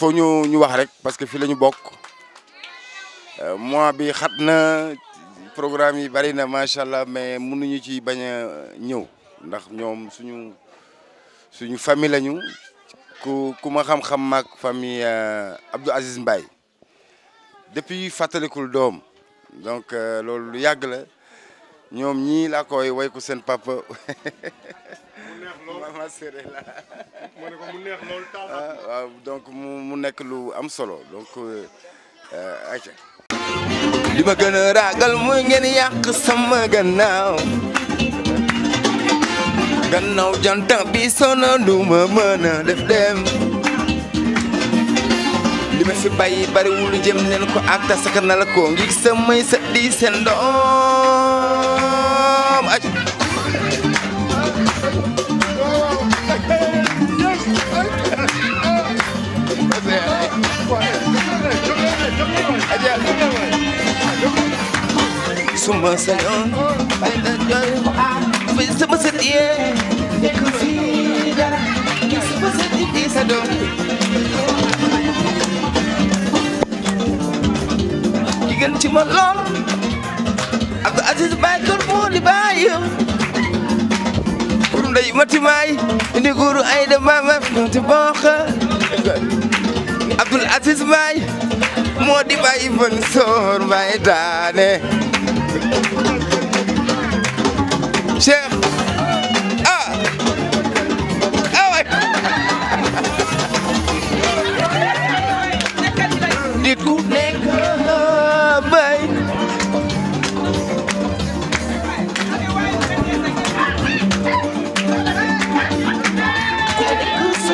faut ñu ñu wax rek parce que fi la bok. Euh, mois bi xatna programme yi bari na machallah mais mais ñu ci baña a ñëw ndax ñom suñu suñu famille lañu ku kuma xam-xam mak famille euh, Abdou Aziz Mbaye depuis fàttalikul doom donc euh, loolu lu yàgg la. ñoom ñii laa koy way ko seen papa. mu neex lool ma séré la. mu ne ko mu neex lool taal ah, donc mu mu nekk lu am solo donc euh, ayca. li ma gën a ragal mooy ngeen yàq sama gannaaw. gannaaw jantan bi sona du ma mën a def dem. li ma fi bàyyi bariwul jëm leen ko ak ta sakana la ko ngir samay sët di seen doom. suma sañoon bay da Aziz Baay kër moo di bàyyam pour ndey mati maay indi góoru ay da maama ti bokk Abdou Aziz Baay moo di bàyyi fën soor mbay daane Cheikh ah ah nekk bay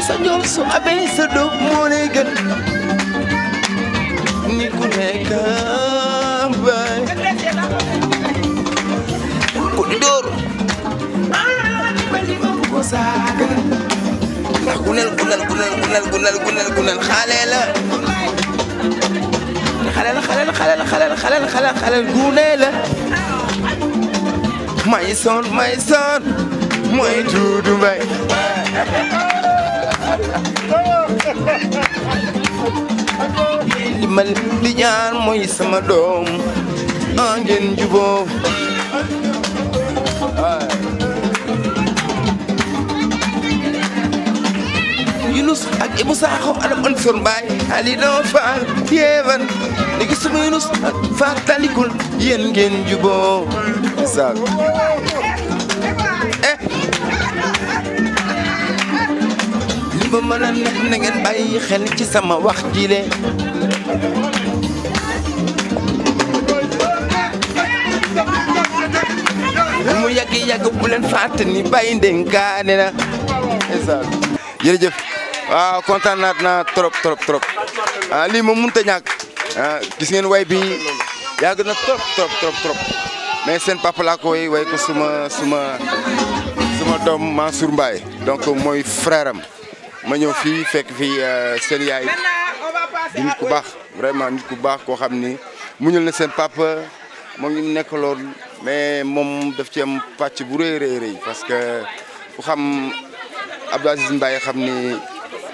sa ñoom su amee sa doom moo lay gën nit ku nekk gunal gunal gunal gunal gunal gunal xale la xale la xale la xale la xale la xale la xale la xale gune la may son may son mooy Doudou Mbaye li ma di ñaan mooy sama doom a ngeen juboo yunus ak Ibu sakho adam ansor mbaye ali don Yevan yeewan ni gisuma yunus ak fàttalikul Yen ngeen juboo Sax eh li ma mën a nekk na ngeen bàyyi xel ci sama wax ji le mu yàgg yàgg bu leen fàtte ni bàyyi ndenkaane na jërëjëf waaw ah, kontaan nat na trop trop trop ah li mo mënut ñak ah gis ngeen way bi yag na trop trop trop trop mais sen papa la koy way ko suma suma suma dom Mansour Mbaye donc moy frère ma ñew fi fekk fi ah, sen yaay di nit ku baax vraiment nit ku bax ko xamni muñul na sen papa mo ngi nekk lool mais mom daf ci am patch bu reey reey parce que ku xam Abdou Aziz Mbaye xamni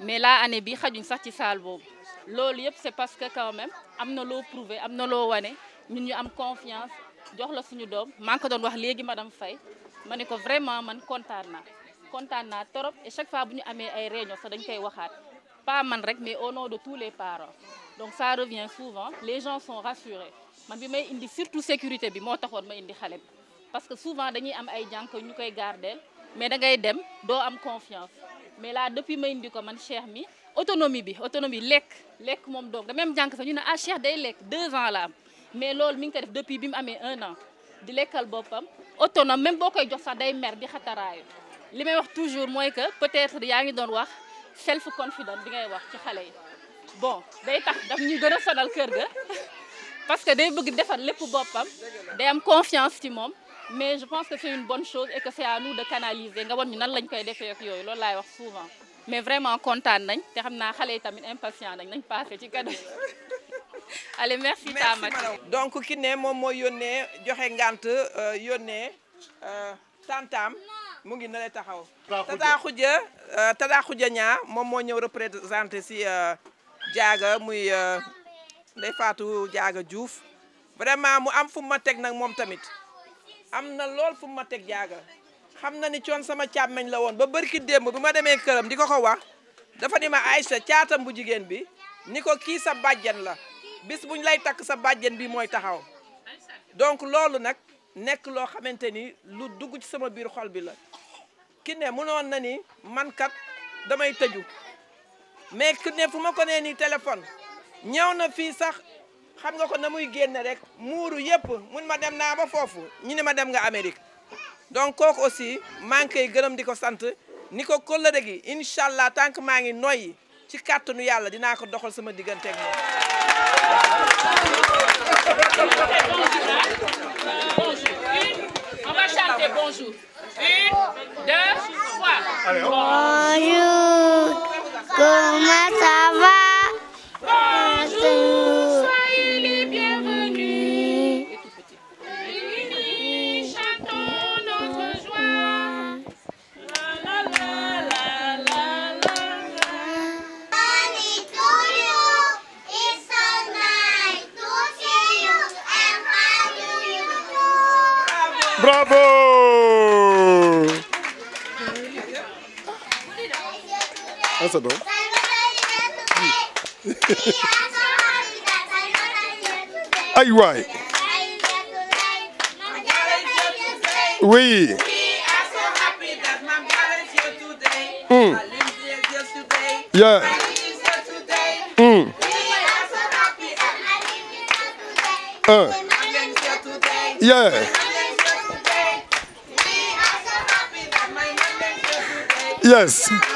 mais là année bi xajuñ sax ci salle boobu loolu yëpp c'est parce que quand même amna lo prouvé am na wane ñun ñu am confiance jox la suñu doom man ngi ko doon wax légui madame Faye Maniko vraiment man kontaan naa kontaan trop et chaque fois buñu amé ay réunion sa dañ koy waxat pas man rek mais au nom de tous les parents donc ça revient souvent les gens sont rassurés man bi may indi surtout sécurité bi mo taxone ma indi xalé parce que souvent dañuy am ay jank ñukay garder mais da ngay dem do am confiance mais là depuis ma indi ko man Cheikh mi autonomie bi autonomie lek lek mom donc même jank fa ñu ne ah Cheikh day lek deux ans la mais lool mi ngi ko def depuis bi mu amé un an di lekal bopam autonome même bokay jox sax day mer di xataray limay wax toujours moy que peut-être yaa ngi doon wax self confident bi ngay wax ci xalé yi bon day tax daf ñuy gëna a sonal kër ga parce que day bëgg defar lépp bopam day am confiance ci mom mais je pense que c'est une bonne chose et que c'est à nous de canaliser nga won ñu nan lañ koy defee ak yoy loolu lay wax souvent mais vraiment content nañ té xamna xalé tamit impatient nañ nañ passé ci cadeau allez merci Tamat. donc ki né mom mo yónnee joxe ngant euh, euh tantam mu ngi nalé taxaw Tata Khoudia Tata Khoudia Nya, euh, moom moo ñëw représenter si jaaga euh, muy euh, Fatou Jaaga Diouf vraiment mu am fu ma teg nak mom tamit am na lool fu mu ma teg jaaga xam na ni coon sama càmmeñ la woon ba bërki démb bi ma demee këram di ko ko wax dafa ni ma Aïcha caatam bu jigéen bi ni ko kii sa bàjjen la bis buñ lay takk sa bàjjen bi mooy taxaw donc loolu nag nekk loo xamante ni lu dugg ci sama biir xol bi la ki ne mënoon na ni man kat damay tëju mais ne fu ma ko nee nii téléphone ñëw na fii sax xam nga ko namuy genn rek muuru yëpp mun ma dem naa ba foofu ñu ne ma dem nga Amérique donc kooku aussi maa ngi koy gërëm di ko sant ni ko kóllëre gi incha allah tant que maa ngi noyyi ci kàttanu yàlla dinaa ko doxal sama digganteeg moom. bonjour. Une, deux, trois. Bonjour. Comment ça Are you right? We. are so happy that my here today. Mm. My here today. Yeah. My here today. Mm. We are so happy that my today. Uh. today. Yeah. Today. We are so happy that my here today. Yes.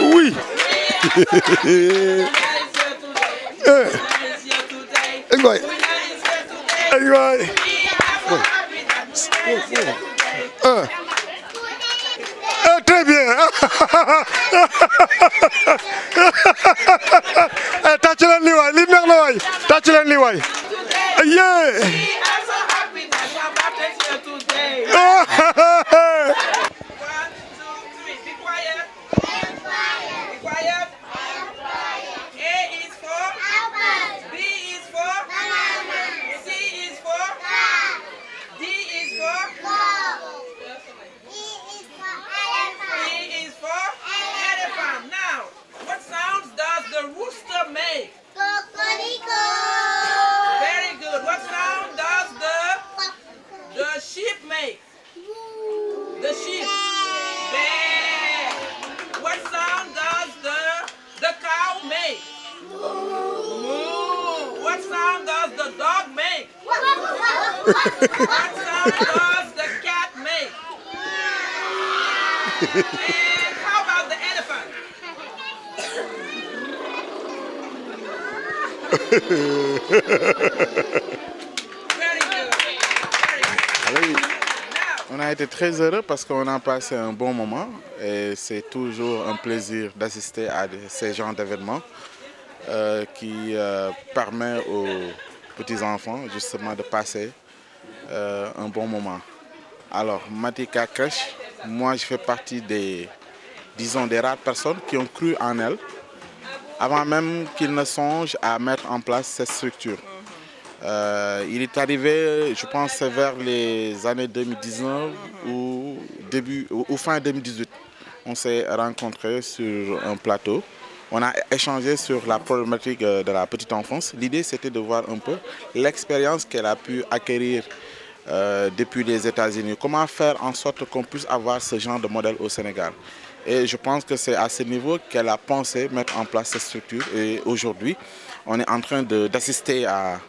Oui. Ngoại. Anh ngoại. Ờ. Très bien. Tàcc leen li waay li neex la waay tàcc leen li waay. Yeah. À On a été très heureux parce qu'on a passé un bon moment et c'est toujours un plaisir d'assister à ces genres d'événements euh, qui euh, permet aux petits-enfants justement de passer euh, un bon moment. Alors, Matika Kesh moi je fais partie des, disons, des rares personnes qui ont cru en elle avant même qu'ils ne songent à mettre en place cette structure. Euh, il est arrivé, je pense, vers les années 2019 ou, début, ou fin 2018. On s'est rencontrés sur un plateau. On a échangé sur la problématique euh, de la petite enfance. L'idée, c'était de voir un peu l'expérience qu'elle a pu acquérir euh, depuis les États-Unis. Comment faire en sorte qu'on puisse avoir ce genre de modèle au Sénégal Et je pense que c'est à ce niveau qu'elle a pensé mettre en place cette structure. Et aujourd'hui, on est en train d'assister à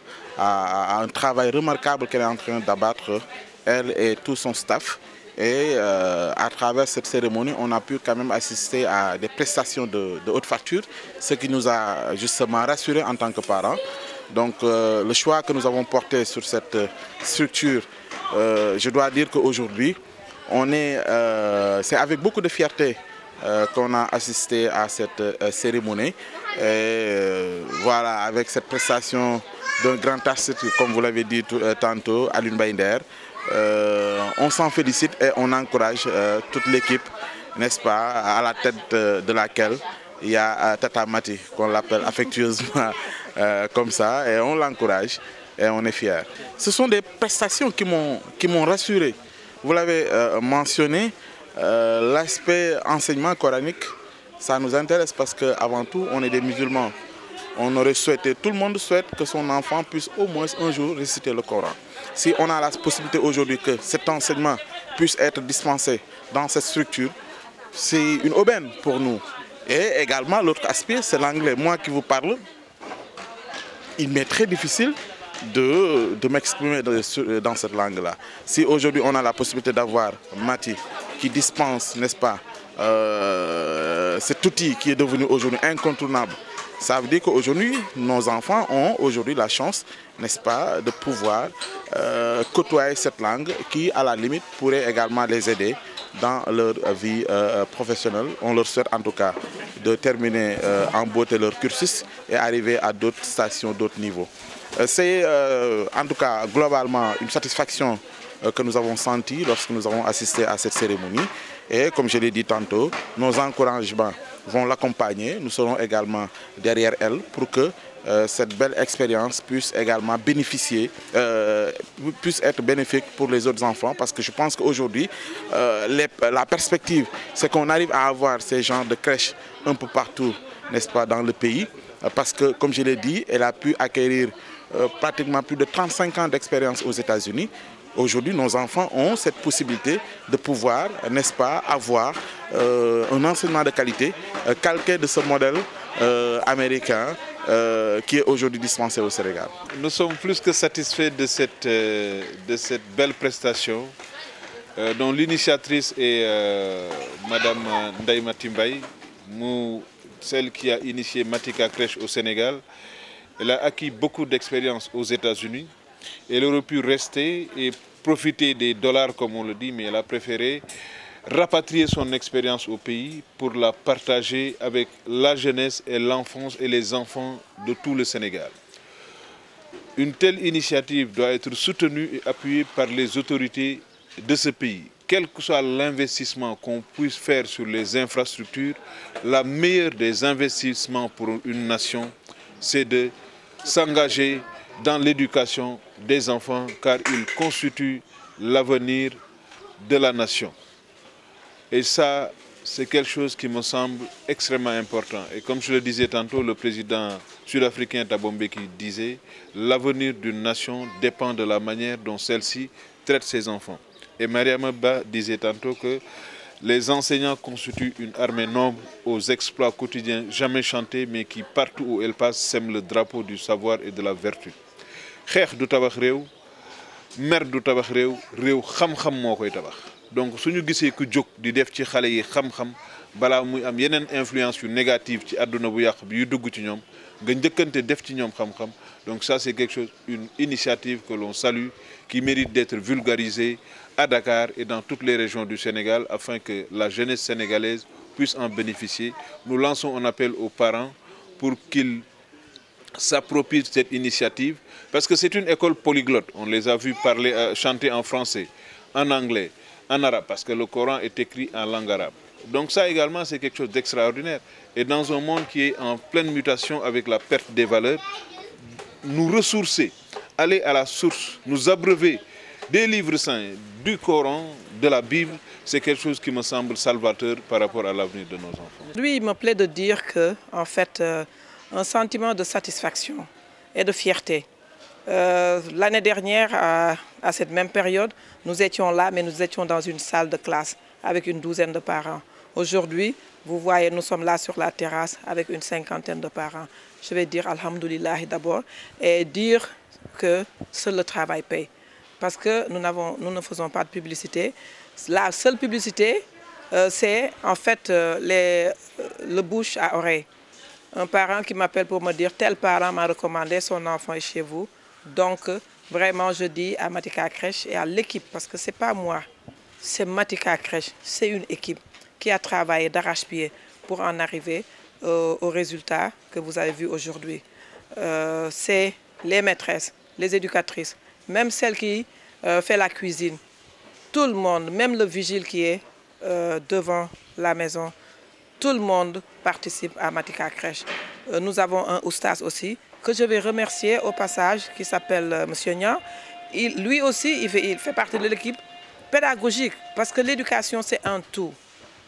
un travail remarquable qu'elle est en train d'abattre, elle et tout son staff. Et euh, à travers cette cérémonie, on a pu quand même assister à des prestations de, haute facture, ce qui nous a justement rassurés en tant que parents. Donc euh, le choix que nous avons porté sur cette structure, euh, je dois dire qu'aujourd'hui, c'est avec beaucoup de fierté qu'on a assisté à cette cérémonie. Et voilà, avec cette prestation d'un grand artiste, comme vous l'avez dit tantôt, Alun Binder. Euh, on s'en félicite et on encourage euh, toute l'équipe, n'est-ce pas, à la tête euh, de laquelle il y a Tata Mati, qu'on l'appelle affectueusement comme ça, et on l'encourage et on est fiers. Ce sont des prestations qui m'ont rassuré. Vous l'avez mentionné, l'aspect enseignement coranique, ça nous intéresse parce qu'avant tout, on est des musulmans on aurait souhaité, tout le monde souhaite que son enfant puisse au moins un jour réciter le Coran. Si on a la possibilité aujourd'hui que cet enseignement puisse être dispensé dans cette structure, c'est une aubaine pour nous. Et également, l'autre aspect, c'est l'anglais. Moi qui vous parle, il m'est très difficile de, m'exprimer dans cette langue-là. Si aujourd'hui on a la possibilité d'avoir Mati qui dispense, n'est-ce pas, euh, cet outil qui est devenu aujourd'hui incontournable ça veut dire qu'aujourd'hui, nos enfants ont aujourd'hui la chance, n'est-ce pas, de pouvoir euh, côtoyer cette langue qui, à la limite, pourrait également les aider dans leur vie euh, professionnelle. On leur souhaite en tout cas de terminer euh, en beauté leur cursus et arriver à d'autres stations, d'autres niveaux. C'est en tout cas globalement une satisfaction que nous avons sentie lorsque nous avons assisté à cette cérémonie. Et comme je l'ai dit tantôt, nos encouragements vont l'accompagner. Nous serons également derrière elle pour que euh, cette belle expérience puisse également bénéficier, euh, puisse être bénéfique pour les autres enfants parce que je pense qu'aujourd'hui, euh, la perspective, c'est qu'on arrive à avoir ces genres de crèches un peu partout, n'est-ce pas, dans le pays parce que, comme je l'ai dit, elle a pu acquérir pratiquement plus de 35 ans d'expérience aux États-Unis. Aujourd'hui, nos enfants ont cette possibilité de pouvoir, n'est-ce pas, avoir euh, un enseignement de qualité euh, calqué de ce modèle euh, américain qui est aujourd'hui dispensé au Sénégal. Nous sommes plus que satisfaits de cette, de cette belle prestation dont l'initiatrice est Madame Ndaïma Timbay celle qui a initié Matika Crèche au Sénégal. Elle a acquis beaucoup d'expérience aux États-Unis. Elle aurait pu rester et profiter des dollars, comme on le dit, mais elle a préféré rapatrier son expérience au pays pour la partager avec la jeunesse et l'enfance et les enfants de tout le Sénégal. Une telle initiative doit être soutenue et appuyée par les autorités de ce pays. Quel que soit l'investissement qu'on puisse faire sur les infrastructures, la meilleure des investissements pour une nation, c'est de s'engager dans l'éducation des enfants car ils constituent l'avenir de la nation. Et ça, c'est quelque chose qui me semble extrêmement important. Et comme je le disais tantôt, le président sud-africain Tabombe qui disait l'avenir d'une nation dépend de la manière dont celle-ci traite ses enfants. Et Mariamba disait tantôt que les enseignants constituent une armée noble aux exploits quotidiens jamais chantés, mais qui partout où elle passe sème le drapeau du savoir et de la vertu. Khekh du Tabakh Reu, mer du Tabakh Reu, Kham Kham donc si nous que di def ci influence négative ci les bu bi yu dugg donc ça c'est quelque chose une initiative que l'on salue qui mérite d'être vulgarisée à Dakar et dans toutes les régions du Sénégal afin que la jeunesse sénégalaise puisse en bénéficier. Nous lançons un appel aux parents pour qu'ils s'approprient cette initiative parce que c'est une école polyglotte. On les a vus parler, euh, chanter en français, en anglais, en arabe, parce que le Coran est écrit en langue arabe. Donc ça également, c'est quelque chose d'extraordinaire. Et dans un monde qui est en pleine mutation avec la perte des valeurs, nous ressourcer, aller à la source, nous abreuver des livres saints, du Coran, de la Bible, c'est quelque chose qui me semble salvateur par rapport à l'avenir de nos enfants. Lui, il me plaît de dire que, en fait, euh, un sentiment de satisfaction et de fierté euh, l'année dernière, à, cette même période, nous étions là, mais nous étions dans une salle de classe avec une douzaine de parents. Aujourd'hui, vous voyez, nous sommes là sur la terrasse avec une cinquantaine de parents. Je vais dire Alhamdoulilah d'abord et dire que seul le travail paye. Parce que nous, ne faisons pas de publicité. La seule publicité, euh, c'est en fait euh, les, le bouche à oreille. Un parent qui m'appelle pour me dire tel parent m'a recommandé son enfant est chez vous. Donc, vraiment, je dis à Matika Crèche et à l'équipe, parce que ce n'est pas moi, c'est Matika Crèche, c'est une équipe qui a travaillé d'arrache-pied pour en arriver euh, au résultat que vous avez vu aujourd'hui. Euh, c'est les maîtresses, les éducatrices, même celles qui euh, font la cuisine, tout le monde, même le vigile qui est devant la maison, tout le monde participe à Matika Crèche. Euh, nous avons un oustas aussi, que je vais remercier au passage, qui s'appelle euh, Monsieur Nian. lui aussi, il fait, partie de l'équipe pédagogique, parce que l'éducation, c'est un tout.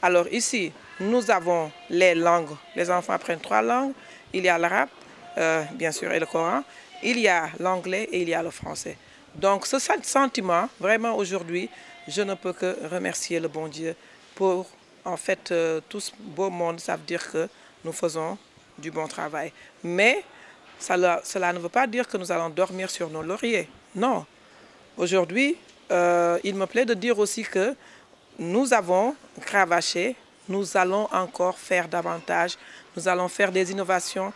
Alors ici, nous avons les langues. Les enfants apprennent trois langues. Il y a l'arabe, euh, bien sûr, et le Coran. Il y a l'anglais et il y a le français. Donc ce sentiment, vraiment aujourd'hui, je ne peux que remercier le bon Dieu pour en fait, euh, tout ce beau monde savent dire que nous faisons du bon travail. Mais cela ne veut pas dire que nous allons dormir sur nos lauriers. Non. Aujourd'hui, euh, il me plaît de dire aussi que nous avons cravaché, nous allons encore faire davantage, nous allons faire des innovations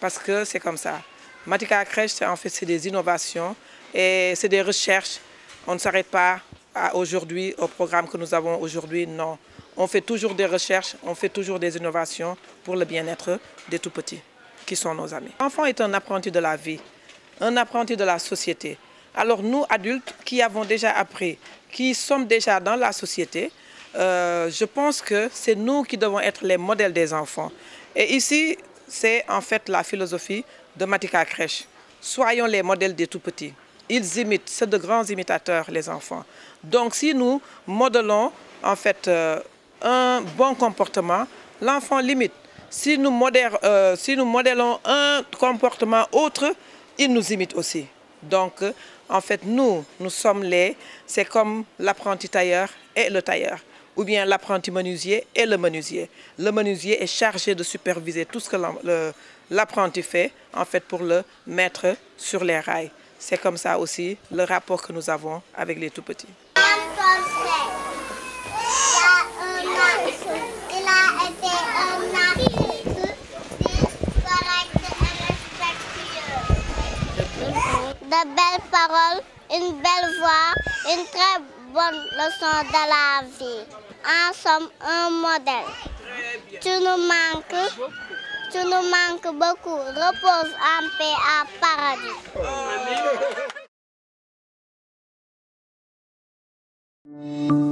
parce que c'est comme ça. Matika Crèche, en fait, c'est des innovations et c'est des recherches. On ne s'arrête pas aujourd'hui au programme que nous avons aujourd'hui, non on fait toujours des recherches, on fait toujours des innovations pour le bien-être des tout-petits, qui sont nos amis. L'enfant est un apprenti de la vie, un apprenti de la société. Alors nous, adultes, qui avons déjà appris, qui sommes déjà dans la société, euh, je pense que c'est nous qui devons être les modèles des enfants. Et ici, c'est en fait la philosophie de Matika Crèche. Soyons les modèles des tout-petits. Ils imitent, c'est de grands imitateurs, les enfants. Donc si nous modelons, en fait, euh, un bon comportement, l'enfant limite. Euh, si nous, modélons un comportement autre, il nous imite aussi. Donc, euh, en fait, nous, nous sommes les, c'est comme l'apprenti tailleur et le tailleur, ou bien l'apprenti menuisier et le menuisier. Le menuisier est chargé de superviser tout ce que l'apprenti fait, en fait, pour le mettre sur les rails. C'est comme ça aussi le rapport que nous avons avec les tout-petits. une belle voix, une très bonne leçon de la vie. En somme, un modèle. Tu nous manques, tu nous manques beaucoup. Repose en paix à paradis.